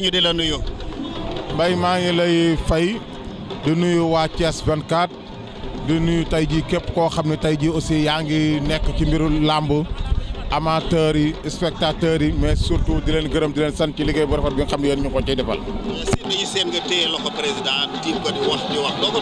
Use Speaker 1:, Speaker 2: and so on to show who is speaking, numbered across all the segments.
Speaker 1: ñu di la nuyu. Mbaye maa ngi lay fay du nuyu waa Thiès 24 du nuyu tey jii képp koo xam ne tey jii aussi yaa ngi nekk ci mbiru làmb amateurs yi spectateurs yi mais surtout di leen gërëm di leen sant ci liggéey bu rafet bi nga xam ne yéen ñu ko ciy defal. seen seen nga téye loxo président tiim ko di wax di wax doo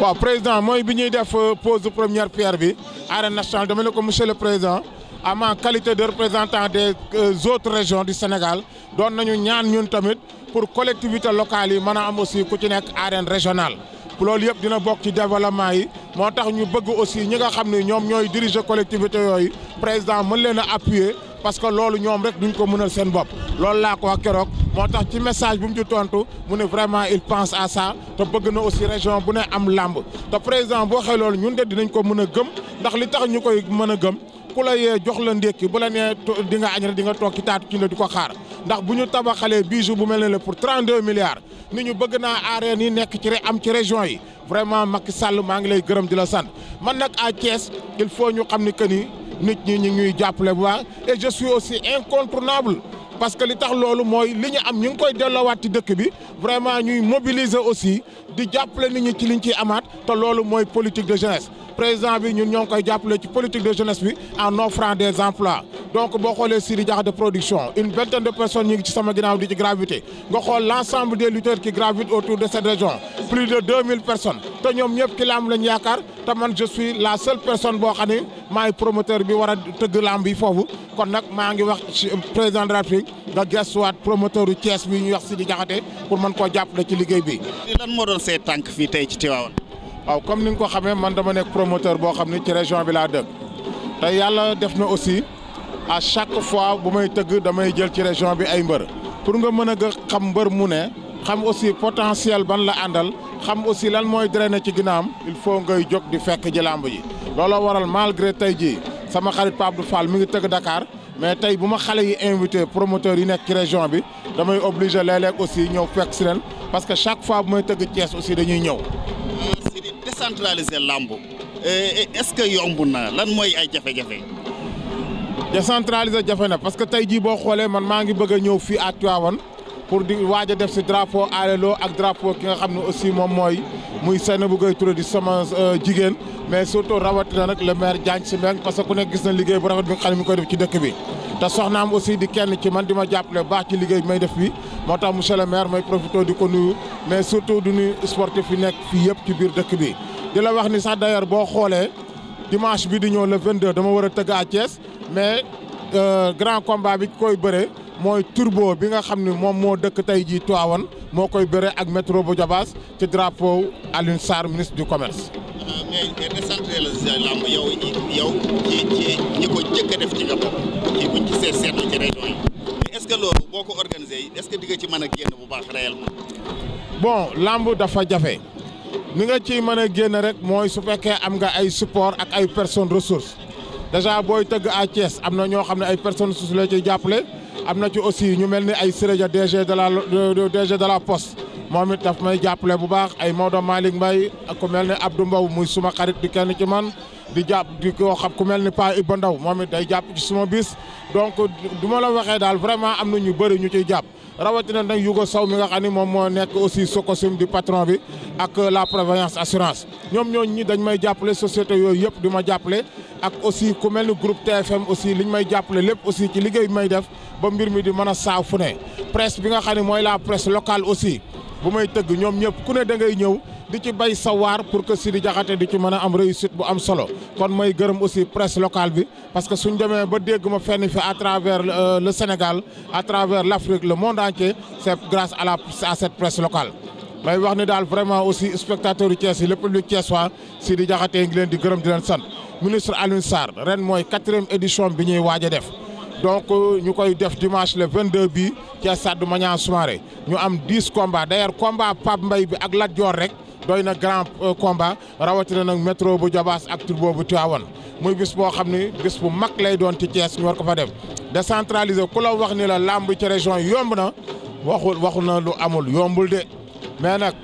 Speaker 1: ko président mooy bi ñuy def euh, pose première pierre bi. arène nationale dama ne ko monsieur le président. à qualité de représentant des euh, autres régions du Sénégal doon nañu ñaan ñun tamit pour collectivité locale yi mën a am aussi ku ci nekk arène régionale. loolu yëpp dina bokk ci développement yi moo tax ñu bëgg aussi ñi nga xam ne ñoom ñooy diriger collectivité yooyu président mën leen a appuyer parce que loolu ñoom rek duñu ko mënal seen bopp loolu laa ko ak keroog moo tax ci message bu mu ci tontu mu ne vraiment il pense à ça te bëgg na aussi région bu ne am làmb te président boo xee ñun de dinañ ko mën a gëm ndax li tax ñu koy mën a gëm. bu la yee eh, jox la ndékki bu la nee di nga añ rek di nga toog ci taatu ci la di ko xaar ndax bu ñu tabaxalee bijou bu mel ne la pour 32 milliards ni ñu bëgg naa aareen yi nekk ci am ci région yi vraiment Macky Sall maa ngi lay gërëm di la sant man nag a Thiès il faut ñu xam ni que ni nit ñi ñu ñuy jàppale bu baax et je suis aussi incontournable parce que li tax loolu mooy li ñu am ñu ngi koy delloowaat ci dëkk bi vraiment ñuy mobiliser aussi di jàppale nit ñi ci liñ ciy amaat te loolu mooy politique de jeunesse. président bi ñun ñoo ngi koy jàppale ci politique de jeunesse bi en offrant des emplois donc boo xoolee Sidi Diakhaté production une vingtaine de personnes ñu ngi ci sama ginnaaw di ci gravité nga xool l' ensemble des lutteurs qui gravitent autour de cette région plus de 2000 personnes te ñoom ñëpp ki lamb lañ yaakaar te man je la seule personne boo xam ne maay promoteur bi war tëgg lamb yi foofu kon nag maa ngi wax ci président de nga gestuwaat promoteur yu Thiès bi ñuy wax Sidi Diakhaté ci liggéey bi. lan moo doon say tànk fii tey ci Tivaouane. waaw comme ni nga ko xamee man dama nekk promoteur boo xam ni ci région bi laa dëkk te yàlla def na aussi à chaque fois bu may tëgg damay jël ci région bi ay mbër pour nga mën a xam mbër mu ne xam aussi potentiel ban la àndal xam aussi lan mooy na ci ginnaam il faut ngay jóg di fekk ji làmb ji looloo waral malgré tey jii sama xarit Pape Abdou Fall mi ngi tëgg dakaar mais tey bu ma xale yi invité promoteur yi nekk ci région bi damay obligé léeg-léeg aussi ñëw fekk si leen parce que chaque fois tëgg Thiès aussi dañuy ñëw décentraliser làmb eh, eh, est-ce que yomb na lan mooy ay jafe-jafe. décentraliser jafe na parce que tey jii boo xoolee man maa ngi bëgg a ñëw fii à Tivaouane pour di waaj def si drapeau alelo ak drapeau ki nga xam moom mooy muy Seynabou Gueye Touré di sama euh, jigéen mais surtout rawatina nag le maire Diagne Sy Mbengue parce que ku nekk gis na liggéey bu rafet bi nga xam ne mi koy def ci dëkk bi. te soxnaam aussi di kenn ci man di ma jàppale baax ci liggéey bi may def bi moo tax monsieur le maire may profité di ko nuyu mais surtout du nuyu sportif yi nekk fii yëpp ci biir dëkk bi. di la wax ni sax d'ailleurs boo xoolee dimanche bi di ñëw le 22 dama war a tëgg à Thiès mais euh, grand combat bi koy bëree mooy turbo bi nga xam ni moom moo dëkk tey jii Tivaouane moo koy bëree ak métro bu jabaas ci drapeau Alioune sar ministre du commerce. Euh, mais décentré la si làmb yow yow ci ci ñi ko jëkk a def ci nga bopp ci buñ ci seet seetlu ci région yi est-ce que boo ko organisé est-ce que di nga ci mën a génn bu baax réellement. bon làmb dafa jafe. ni nga ciy mën a génn rek mooy su fekkee am nga ay support ak ay personnes ressources déjà booy tëgg à Thiès am na ñoo xam ne ay personnes ressources la ciy jàppale am na ci aussi ñu mel ni ay Séréja DG de la DG de la Poste moom it daf may jàppale bu baax ay Maodo Malick Mbaye ak ku mel ni Abdou mbaw muy suma xarit di kenn ci man di jàpp di ko xam ku mel ni Pa Iba Ndaw moom it day jàpp suma bis donc du ma la waxee daal vraiment am na ñu bëri ñu ciy jàpp. rawatina nag Yugo saw mi nga xam ne moom moo nekk aussi sous-costume du patron bi ak euh, la prévoyance assurance ñoom ñooñu ñi dañ may jàppale société yooyu yëpp di ma jàppale ak aussi ku mel ni groupe TFM aussi li ñu may jàppale lépp aussi ci liggéey bi may def ba mbir mi di mën a saaw fu ne presse bi nga xam ne mooy la presse locale aussi bu may tëgg ñoom ñëpp ku ne da ngay ñëw di ci bay sawaar pour que di Diakhaté di ci mën a am réussite bu am solo kon mooy gërëm aussi presse locale bi parce que suñ demee ba dégg ma fenn fi à euh, le Sénégal à travers l'Afrique le monde entier c'est grâce à la à cette may wax ni daal vraiment aussi spectateurs yu Thiès yi le public thiessois Sidi Diakhaté ngi leen di gërëm di leen sant ministre Alioune Sarr ren mooy quatrième édition bi ñuy waaj def. donc euh, ñu koy def dimanche le 22 bi ci stade Maniang Soumaré ñu am 10 combats d'ailleurs combat Pape Mbaye bi ak Lat Dior rek. doy na grand euh, combat rawatina nag métro bu Jobaas ak turbo bu Tiwaawan muy bis boo xam ni bis bu mag lay doon ci Thiès ñu war ko fa def décentraliser ku la wax ni la làmb ci région yomb na waxul waxu na lu amul yombul de mais nag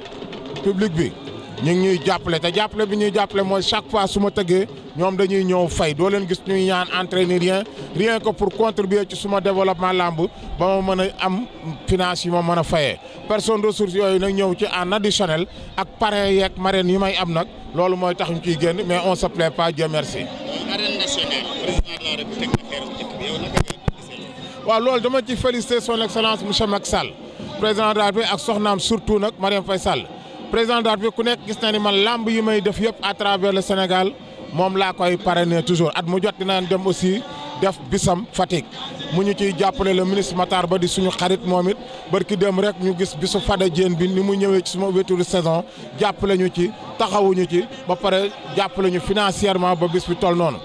Speaker 1: public bi ñu ngi ñuy jàppale te jàppale bi ñuy jàppale mooy chaque fois su ma tëggee ñoom dañuy ñëw fay doo leen gis ñuy ñaan entraîner rien rien que pour contribuer ci suma développement làmb ba ma mën a am finance yi ma mën a fayee personne ressource yooyu nag ñëw ci en additionnel ak parrain yeeg marraine yi may am nag loolu mooy tax ñu ciy génn mais on se plaît pas Dieu merci. arène loolu dama ci féliciter son excellence monsieur Macky Sall président de ak soxnaam surtout nag Marième Faye Sall président de ku nekk gis na ni man làmb yi may def yëpp à travers le Sénégal. moom laa koy pare parrainer toujours at mu jot dinaan dem aussi def bisam Fatick mu ñu ciy jàppale le ministre Matar Ba di suñu xarit moom it barki dem rek ñu gis bisu Fada Diène bi ni mu ñëwee ci suma wetu saison jàppale ñu ci taxawuñu ci ba pare jàppale ñu financièrement ba bis bi toll noonu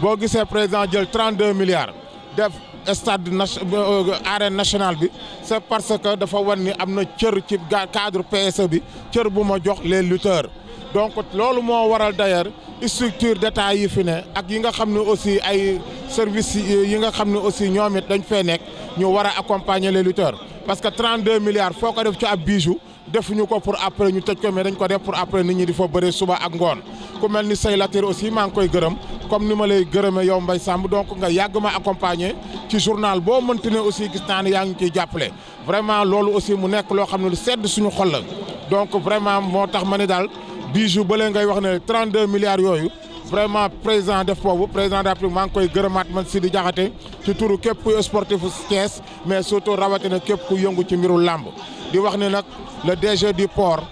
Speaker 1: boo gisee président jël 32 milliards def stade euh, arène nationale bi c'est parce que dafa wan ni am na cër ci cadre PSE bi cër bu ma jox les lutteurs donc loolu moo waral d'ailleurs structure d'état yi fi ne ak yi nga xam ne aussi ay service yi nga xam ne aussi ñoom it dañ fee nekk ñu war a accompagner les lutteurs parce que 32 milliards foo ko def ci ab bijou defuñu ko pour après ñu tëj ko mais dañ ko def pour après nit ñi di fa bëre suba ak ngoon ku mel ni say latir aussi maa ngi koy gërëm comme ni ma lay gërëmee yow mbay Samb donc nga yàgg ma accompagner ci journal boo mënti ne aussi gis naa ne yaa ngi ciy jàppale vraiment loolu aussi mu nekk loo xam ne lu sedd suñu xol la vraiment moo tax ma ne daal. dix jours ba léegi ngay wax ne 32 milliards yooyu vraiment président def boobu président de la maa ngi koy gërëmaat man Sidi Diakhaté ci turu képp kuy sportifu Thiès mais surtout rawatina képp ku yëngu ci mbiru làmb di wax ne nag le DG du port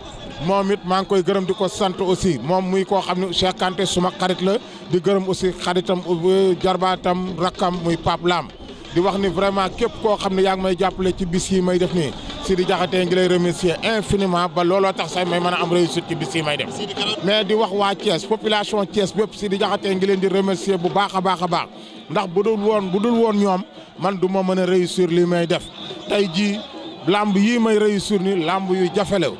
Speaker 1: moom it maa ngi koy gërëm di ko sant aussi moom muy koo xam ne Cheikh suma xarit la di gërëm aussi xaritam jarbaatam rakkam muy Pape Lam di wax ni vraiment képp koo xam ne yaa ngi may jàppale ci bis yi may def nii Sidi Diakhaté ngi lay remercier infiniment ba looloo tax sax may mën am réussite ci bis may dem mais di wax waa Thiès population Thiès bépp Sidi Diakhaté ngi leen di remercier bu baaxa a baax a baax ndax bu dul woon bu dul woon ñoom man du ma mën a réussir li may def tey jii lamb yii may réussir ni lamb yu jafelew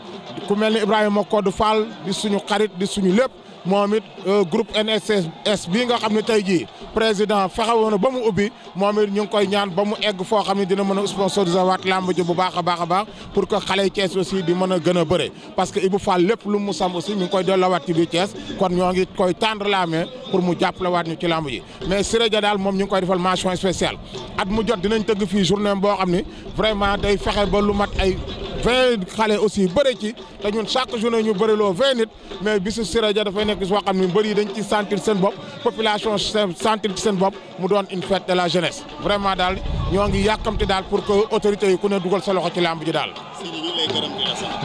Speaker 1: ku mel ni Ibrahima Codou Fall di suñu xarit di suñu lépp moom it euh, groupe NSS bii nga xam ne tey jii président fexe woon ba mu ubbi moom it ñu ngi koy ñaan ba mu egg foo xam ne dina mën a sponsoriser waat làmb ji bu baax a baax a baax pour que xale yi Thiès aussi di mën a gën a bëre parce que Ibou Fall lépp lu mu sam si ñu ngi koy delloowaat ci biir Thiès kon ñoo ngi koy tendre la main pour mu jàppalewaat ñu ci làmb ji mais Siré Dia daal moom ñu ngi koy defal mention spéciale at mu jot dinañ tëgg fii journée boo xam ne vraiment day fexe ba lu mat ay vingt xale aussi bëri ci te ñun chaque journée ñu bëriloo vingt nit mais bisu Siré Dia dafay nekk bis boo xam ne mbër yi dañ ci sentir seen bopp population sentir seen bopp mu doon une fête de la jeunesse vraiment daal ñoo ngi yàkkamti daal pour que autorités yi ku ne dugal sa loxo ci làmb ji daal.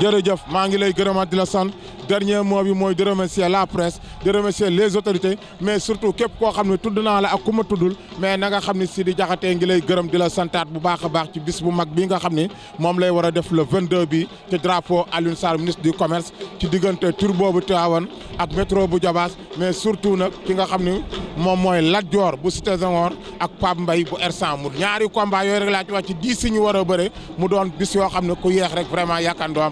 Speaker 1: jërëjëf maa ngi lay gërëmaat di la sant dernier moo bi mooy di remercier la presse di remercier les autorités mais surtout képp koo xam ne tudd naa la ak ku ma tuddul mais nanga xam ni si Sidi jaxatee ngi lay gërëm di la santaat bu baax a baax ci bis bu mag bii nga xam ni moom lay war a la le 22 bi ci drapeau Alioune Sarr ministre du commerce ci diggante tur boobu Tivaouane ak métro bu jabaas mais surtout nag ki nga xam ni moom mooy Lat Dior bu Cité Senghor ak Pape Mbaye bu R100 mu ñaari combat yooyu laa ci wax ci dix si ñu war a bëre mu doon bis yoo xam ne ku yeex rek vraiment yaakaar doo